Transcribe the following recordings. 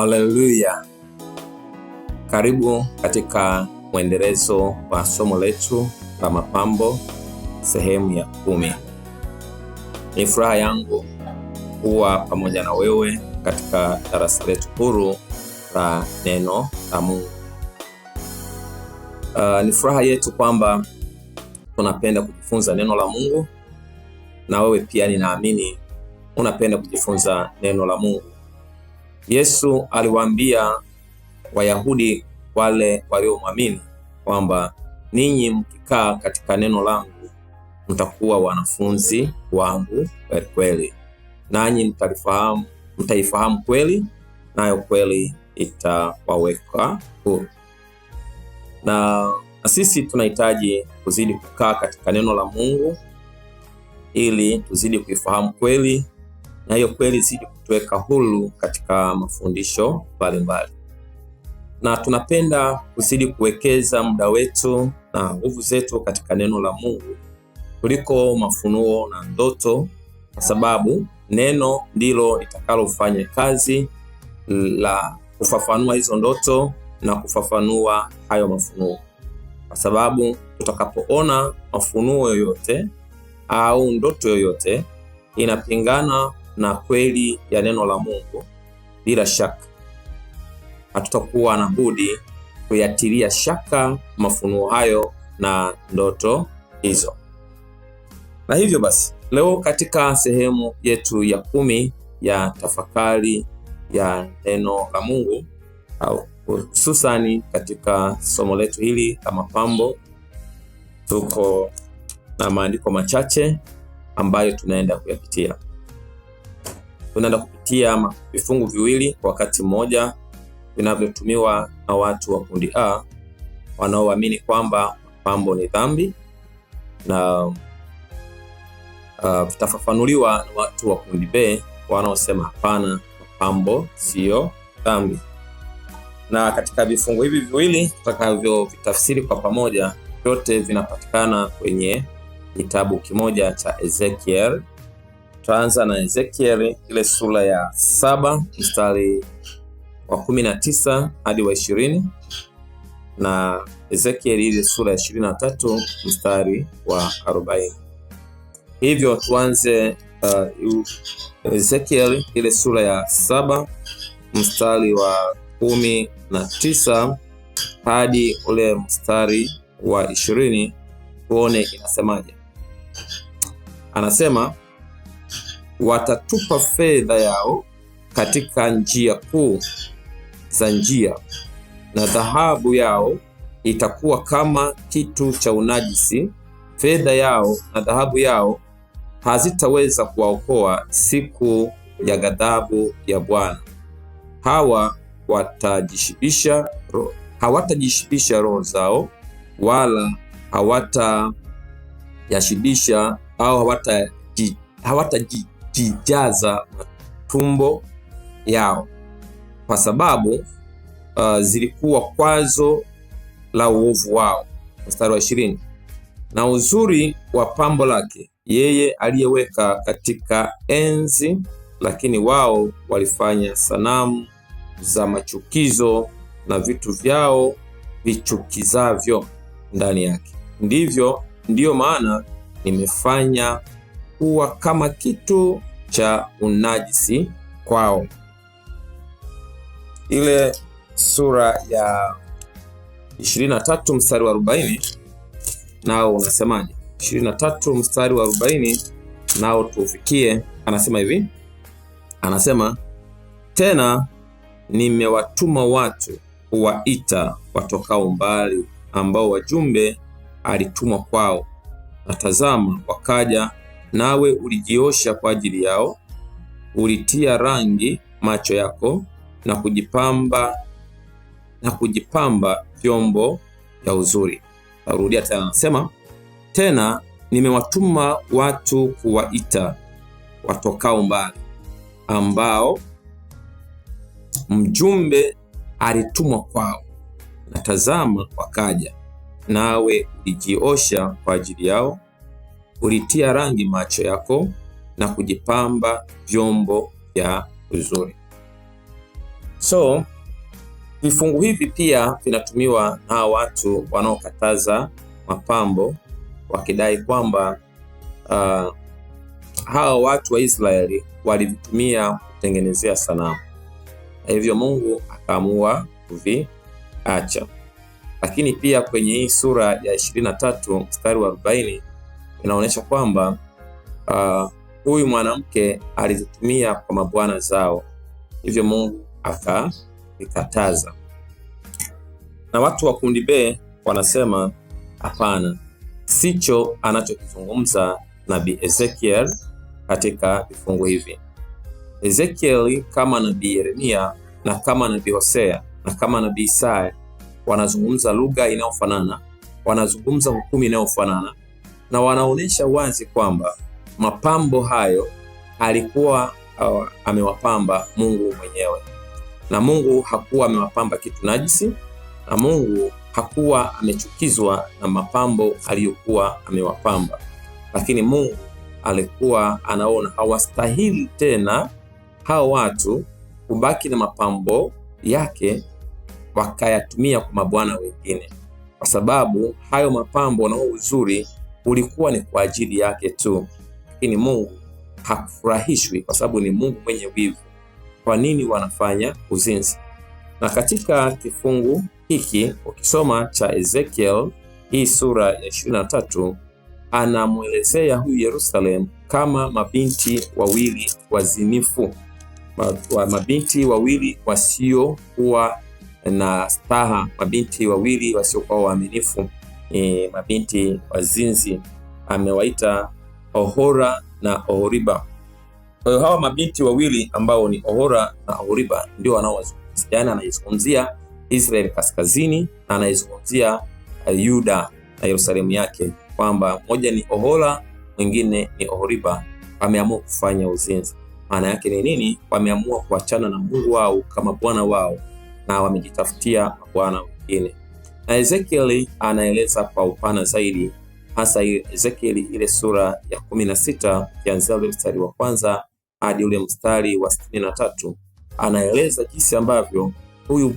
Haleluya! Karibu katika mwendelezo wa somo letu la mapambo sehemu ya kumi. Ni furaha yangu kuwa pamoja na wewe katika darasa letu huru la neno la Mungu. Uh, ni furaha yetu kwamba tunapenda kujifunza neno la Mungu na wewe pia ninaamini unapenda kujifunza neno la Mungu. Yesu aliwaambia Wayahudi wale waliomwamini kwamba ninyi mkikaa katika neno langu mtakuwa wanafunzi wangu kweli kweli, nanyi mtalifahamu mtaifahamu kweli, nayo kweli itawaweka huru. Na sisi tunahitaji kuzidi kukaa katika neno la Mungu ili tuzidi kuifahamu kweli na hiyo kweli zidi kutuweka huru katika mafundisho mbalimbali, na tunapenda kuzidi kuwekeza muda wetu na nguvu zetu katika neno la Mungu kuliko mafunuo na ndoto, kwa sababu neno ndilo litakalofanya kazi la kufafanua hizo ndoto na kufafanua hayo mafunuo, kwa sababu tutakapoona mafunuo yoyote au ndoto yoyote inapingana na kweli ya neno la Mungu, bila shaka hatutakuwa na budi kuyatilia shaka mafunuo hayo na ndoto hizo. Na hivyo basi, leo katika sehemu yetu ya kumi ya tafakari ya neno la Mungu au hususani katika somo letu hili la mapambo, tuko na maandiko machache ambayo tunaenda kuyapitia. Tunaenda kupitia vifungu viwili kwa wakati mmoja vinavyotumiwa na watu wa kundi A wanaoamini kwamba mapambo ni dhambi na uh, vitafafanuliwa na watu wa kundi B wanaosema hapana, mapambo siyo dhambi. Na katika vifungu hivi viwili tutakavyovitafsiri kwa pamoja, vyote vinapatikana kwenye kitabu kimoja cha Ezekiel Tutaanza na Ezekieli ile sura ya saba mstari wa kumi na tisa hadi wa ishirini na Ezekieli ile sura ya ishirini na tatu mstari wa arobaini. Hivyo tuanze uh, Ezekieli ile sura ya saba mstari wa kumi na tisa hadi ule mstari wa ishirini tuone inasemaje. Anasema watatupa fedha yao katika njia kuu za njia, na dhahabu yao itakuwa kama kitu cha unajisi. Fedha yao na dhahabu yao hazitaweza kuwaokoa siku ya ghadhabu ya Bwana. Hawa watajishibisha, hawatajishibisha roho zao, wala hawatayashibisha au hawataji kujijaza matumbo yao kwa sababu uh, zilikuwa kwazo la uovu wao. Mstari wa ishirini, na uzuri wa pambo lake yeye aliyeweka katika enzi, lakini wao walifanya sanamu za machukizo na vitu vyao vichukizavyo ndani yake. Ndivyo ndiyo maana nimefanya kuwa kama kitu cha unajisi kwao. Ile sura ya 23 mstari wa 40 nao unasemaje? 23 mstari wa 40 nao tuufikie. Anasema hivi, anasema tena, nimewatuma watu kuwaita watokao mbali, ambao wajumbe alitumwa kwao, na tazama wakaja nawe ulijiosha kwa ajili yao, ulitia rangi macho yako na kujipamba na kujipamba vyombo vya uzuri. Narudia tena, anasema tena, nimewatuma watu kuwaita watokao mbali, ambao mjumbe alitumwa kwao, na tazama wakaja, nawe ulijiosha kwa ajili yao Ulitia rangi macho yako na kujipamba vyombo vya uzuri. So vifungu hivi pia vinatumiwa na watu wanaokataza mapambo wakidai kwamba uh, hawa watu wa Israeli walivitumia kutengenezea sanamu, na hivyo Mungu akaamua kuviacha. Lakini pia kwenye hii sura ya 23 mstari wa 40 inaonyesha kwamba ah, huyu uh, mwanamke alizitumia kwa mabwana zao, hivyo Mungu akaikataza. Na watu wa kundi B wanasema hapana, sicho anachokizungumza nabii Ezekiel katika vifungu hivi. Ezekiel kama nabii Yeremia na kama nabii Hosea na kama nabii Isaya wanazungumza lugha inayofanana, wanazungumza hukumi inayofanana na wanaonyesha wazi kwamba mapambo hayo alikuwa uh, amewapamba Mungu mwenyewe, na Mungu hakuwa amewapamba kitu najisi, na Mungu hakuwa amechukizwa na mapambo aliyokuwa amewapamba, lakini Mungu alikuwa anaona hawastahili tena hao watu kubaki na mapambo yake wakayatumia kwa mabwana wengine, kwa sababu hayo mapambo na uzuri ulikuwa ni kwa ajili yake tu, lakini Mungu hakufurahishwi kwa sababu ni Mungu mwenye wivu. Kwa nini wanafanya uzinzi? Na katika kifungu hiki ukisoma cha Ezekiel hii sura ya 23 anamwelezea huyu Yerusalemu kama mabinti wawili wazinifu, mabinti wawili wasiokuwa na staha, mabinti wawili wasiokuwa waaminifu ni mabinti wazinzi, amewaita Ohora na Ohoriba. Kwa hiyo hawa mabinti wawili ambao ni Ohora na Ohoriba ndio wanaowazungumzia, yani anaizungumzia Israel kaskazini na anaizungumzia uh, Yuda na Yerusalemu yake, kwamba mmoja ni Ohora mwingine ni Ohoriba, wameamua kufanya uzinzi. Maana yake ni nini? Wameamua kuachana na Mungu wao kama bwana wao na wamejitafutia mabwana wengine na Ezekieli anaeleza kwa upana zaidi, hasa Ezekieli ile sura ya kumi na sita ukianzia ule mstari wa kwanza hadi ule mstari wa sitini na tatu anaeleza jinsi ambavyo huyu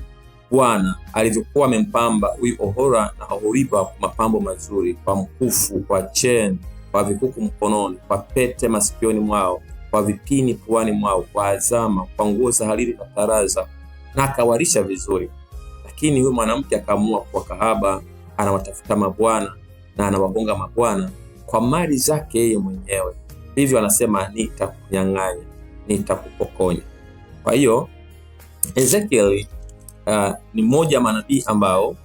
Bwana alivyokuwa amempamba huyu Ohora na Oholiba kwa mapambo mazuri, kwa mkufu, kwa chen kwa vikuku mkononi, kwa pete masikioni mwao, kwa vipini puani mwao, kwa azama, kwa nguo za hariri na taraza, na akawarisha vizuri lakini huyu mwanamke akaamua kuwa kahaba, anawatafuta mabwana na anawagonga mabwana kwa mali zake yeye mwenyewe. Hivyo anasema nitakunyang'anya, nitakupokonya. Kwa hiyo Ezekiel uh, ni mmoja wa manabii ambao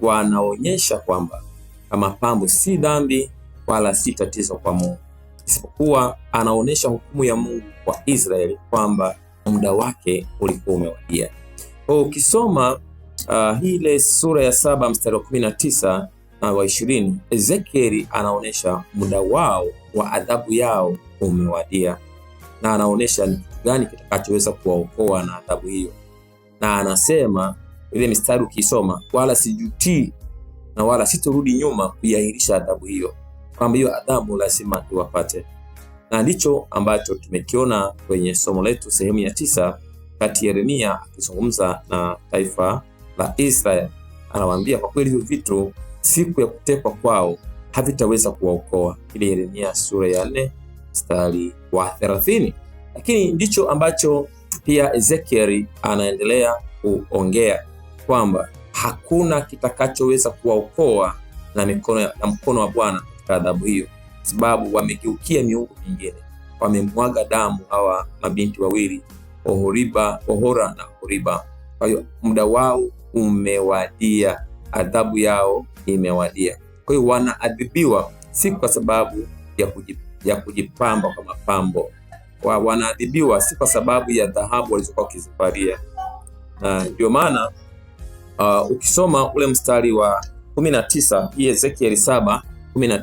wanaonyesha kwamba mapambo si dhambi wala si tatizo kwa Mungu, isipokuwa anaonyesha hukumu ya Mungu kwa Israeli kwamba muda wake ulikuwa umewadia. Ukisoma Uh, ah, hii ile sura ya saba mstari wa kumi na tisa na ah, wa ishirini Ezekieli anaonyesha muda wao wa adhabu yao umewadia, na anaonyesha ni kitu gani kitakachoweza kuwaokoa na adhabu hiyo, na anasema ile mistari ukiisoma, wala sijutii na wala sitorudi nyuma kuiahirisha adhabu hiyo, kwamba hiyo adhabu lazima iwapate, na ndicho ambacho tumekiona kwenye somo letu sehemu ya tisa kati Yeremia akizungumza na taifa la Israel, anawaambia kwa kweli hivyo vitu siku ya kutekwa kwao havitaweza kuwaokoa. Ile Yeremia sura ya 4 mstari wa 30. Lakini ndicho ambacho pia Ezekieli anaendelea kuongea kwamba hakuna kitakachoweza kuwaokoa na mikono ya mkono wa Bwana katika adhabu hiyo, kwa sababu wamegeukia miungu mingine, wamemwaga damu hawa mabinti wawili Ohoriba, Ohora na horiba Kwa hiyo muda wao umewadia, adhabu yao imewadia. Kwa hiyo wanaadhibiwa si kwa sababu ya, kujip, ya kujipamba kwa mapambo kwa wanaadhibiwa si kwa sababu ya dhahabu walizokuwa wakizivalia. Ndio maana uh, ukisoma ule mstari wa 19 na hii Ezekieli saba kumi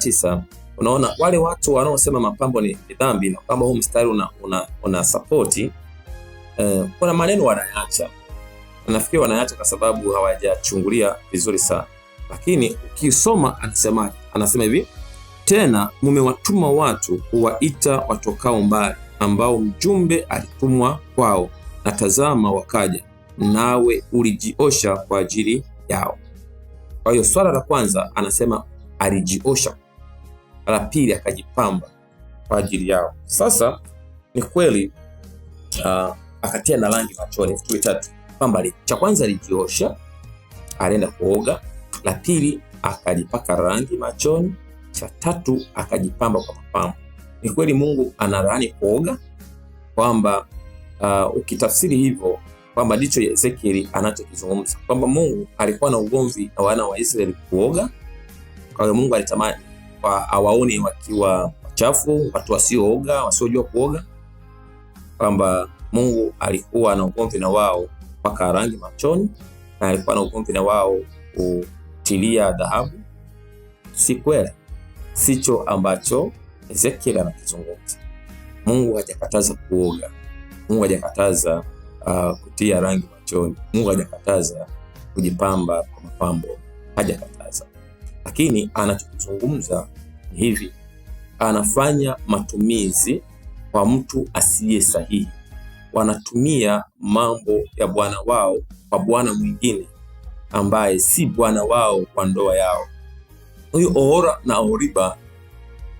unaona wale watu wanaosema mapambo ni dhambi na kwamba huu mstari una, una, una sapoti uh, eh, kuna maneno wanayaacha nafikiri wanaacha kwa sababu hawajachungulia vizuri sana, lakini ukisoma anasema Anasema hivi tena, mmewatuma watu kuwaita watokao mbali, ambao mjumbe alitumwa kwao, na tazama wakaja, nawe ulijiosha kwa ajili yao. Kwa hiyo swala la kwanza anasema alijiosha, la pili akajipamba kwa ajili yao. Sasa ni kweli uh, akatia na rangi machoni vitu vitatu kwamba cha kwanza alijiosha, alienda kuoga. La pili akajipaka rangi machoni. Cha tatu akajipamba kwa mapambo. Ni kweli Mungu analaani kuoga, kwamba uh, ukitafsiri hivyo kwamba ndicho Ezekieli anachokizungumza kwamba Mungu alikuwa na ugomvi na wana wa Israeli kuoga. Kwa hiyo Mungu alitamani kwa awaone wakiwa wachafu, watu wasiooga, wasiojua kuoga, kwamba Mungu alikuwa na ugomvi na wao kupaka rangi machoni na alikuwa na ugomvi na wao kutilia dhahabu. Si kweli, sicho ambacho Ezekiel anakizungumza. Mungu hajakataza kuoga, Mungu hajakataza uh, kutia rangi machoni, Mungu hajakataza kujipamba kwa mapambo, hajakataza. Lakini anachokizungumza ni hivi, anafanya matumizi kwa mtu asiye sahihi wanatumia mambo ya bwana wao kwa bwana mwingine ambaye si bwana wao kwa ndoa yao. Huyu Ohora na Oholiba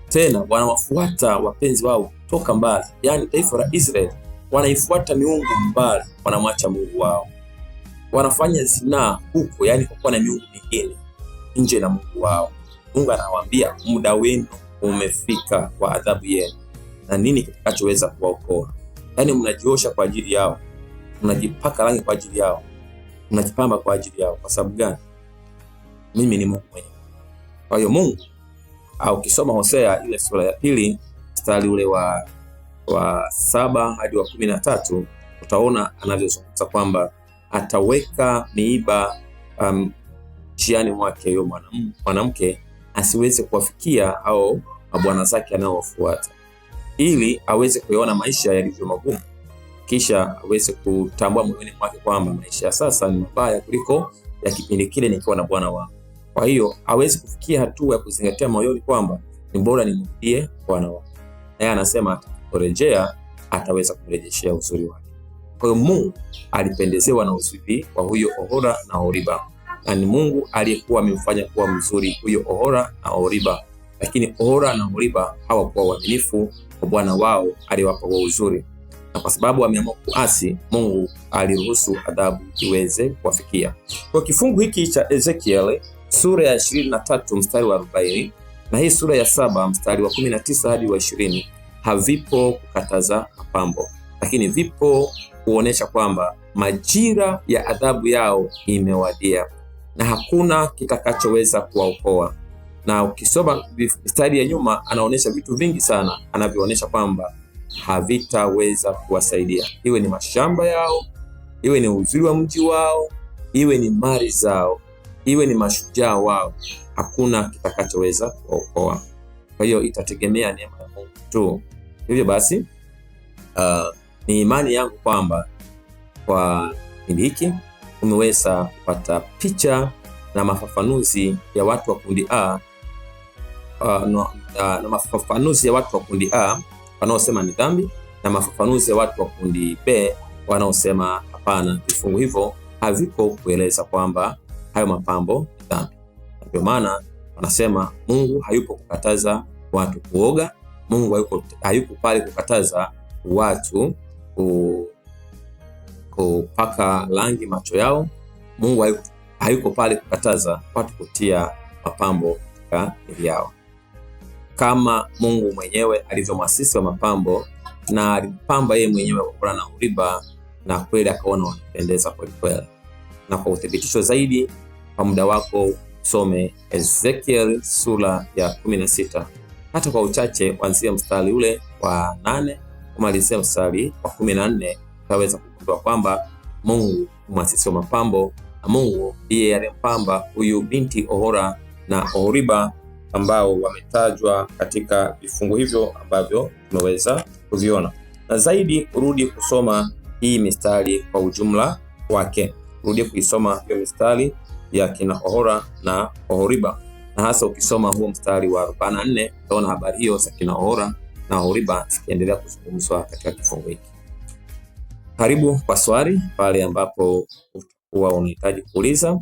tena wanawafuata wapenzi wao kutoka mbali, yaani taifa la Israeli wanaifuata miungu mbali, wanamwacha Mungu wao, wanafanya zinaa huko, yaani kwa kuwa na miungu mingine nje na Mungu wao. Mungu anawaambia muda wenu umefika wa adhabu yenu, na nini kitakachoweza kuwaokoa? yani mnajiosha kwa ajili yao, mnajipaka rangi kwa ajili yao, mnajipamba kwa ajili yao. Kwa sababu gani? Mimi ni Mungu mwenyewe. Kwa hiyo Mungu au ah, ukisoma Hosea ile sura ya pili mstari ule wa wa saba hadi wa kumi na tatu utaona anavyozungumza kwamba ataweka miiba um, njiani um, mwake huyo mwanamke asiweze kuwafikia au mabwana zake anayowafuata ili aweze kuyaona maisha yalivyo magumu, kisha aweze kutambua moyoni mwake kwamba maisha ya sasa ni mabaya kuliko ya kipindi kile nikiwa na Bwana wangu. Kwa hiyo aweze kufikia hatua ya kuzingatia moyoni kwamba ni bora nimrudie Bwana wangu, naye anasema atakaporejea ataweza kurejeshea uzuri wake. Kwa hiyo Mungu alipendezewa na uzuri wa huyo Ohora na oriba na ni Mungu aliyekuwa amemfanya kuwa mzuri huyo Ohora na Oriba, lakini Ohora na Oriba hawakuwa waaminifu kwa Bwana wao aliwapa kwa uzuri, na kwa sababu wameamua kuasi, Mungu aliruhusu adhabu iweze kuwafikia. Kwa kifungu hiki cha Ezekiel sura ya 23 mstari wa 40 na hii sura ya saba mstari wa 19 hadi wa 20 havipo kukataza mapambo, lakini vipo kuonesha kwamba majira ya adhabu yao imewadia na hakuna kitakachoweza kuwaokoa na ukisoma mistari ya nyuma anaonyesha vitu vingi sana anavyoonyesha kwamba havitaweza kuwasaidia, iwe ni mashamba yao, iwe ni uzuri wa mji wao, iwe ni mali zao, iwe ni mashujaa wao, hakuna kitakachoweza kuwaokoa. Kwa hiyo itategemea neema ya Mungu tu. Hivyo basi, uh, ni imani yangu kwamba kwa kipindi hiki umeweza kupata picha na mafafanuzi ya watu wa kundi A uh, na mafafanuzi ya watu wa kundi A wanaosema ni dhambi na mafafanuzi ya watu wa kundi B wanaosema hapana, vifungu hivyo haviko kueleza kwamba hayo mapambo ni dhambi. Ndio maana wanasema Mungu hayupo kukataza watu kuoga, Mungu hayuko, hayupo pale kukataza watu kupaka rangi macho yao, Mungu hayuko, pale kukataza watu kutia mapambo katika miili yao kama Mungu mwenyewe alivyo mwasisi wa mapambo na alipamba yeye mwenyewe kwa kula na uriba, na kweli akaona wanapendeza kweli kweli. Na kwa uthibitisho zaidi, kwa muda wako some Ezekiel sura ya 16 hata kwa uchache, kuanzia mstari ule wa nane kumalizia mstari wa 14 utaweza kugundua kwamba Mungu mwasisi wa mapambo na Mungu ndiye aliyempamba huyu binti Ohora na Ohoriba ambao wametajwa katika vifungu hivyo ambavyo tumeweza kuviona, na zaidi urudi kusoma hii mistari kwa ujumla wake, urudi kuisoma hiyo mistari ya kina Ohora na Ohoriba, na hasa ukisoma huo mstari wa 44 utaona habari hiyo za kina Ohora na Ohoriba zikiendelea kuzungumzwa katika kifungu hiki. Karibu kwa swali pale ambapo huwa unahitaji kuuliza,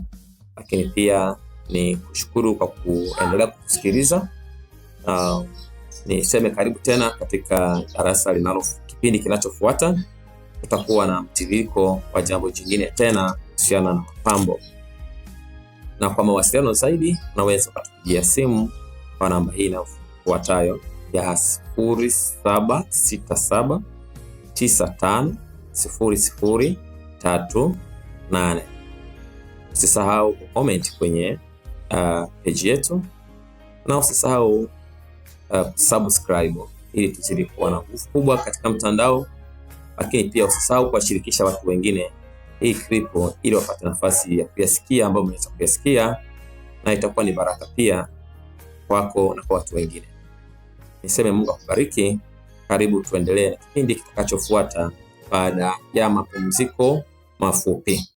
lakini pia ni kushukuru kwa kuendelea kutusikiliza. Uh, niseme karibu tena katika darasa linalo kipindi kinachofuata tutakuwa na mtiririko wa jambo jingine tena kuhusiana na mapambo, na kwa mawasiliano zaidi unaweza ukatupigia simu kwa namba hii inayofuatayo ya sifuri tatu nane. Usisahau kukomenti kwenye uh, page yetu na usisahau uh, subscribe ili tuzidi kuwa na nguvu kubwa katika mtandao, lakini pia usisahau kuwashirikisha watu wengine hii clip ili wapate nafasi ya kuyasikia ambayo mnaweza kuyasikia, na itakuwa ni baraka pia kwako na kwa watu wengine. Niseme Mungu akubariki. Karibu tuendelee na kipindi kitakachofuata baada ya mapumziko mafupi.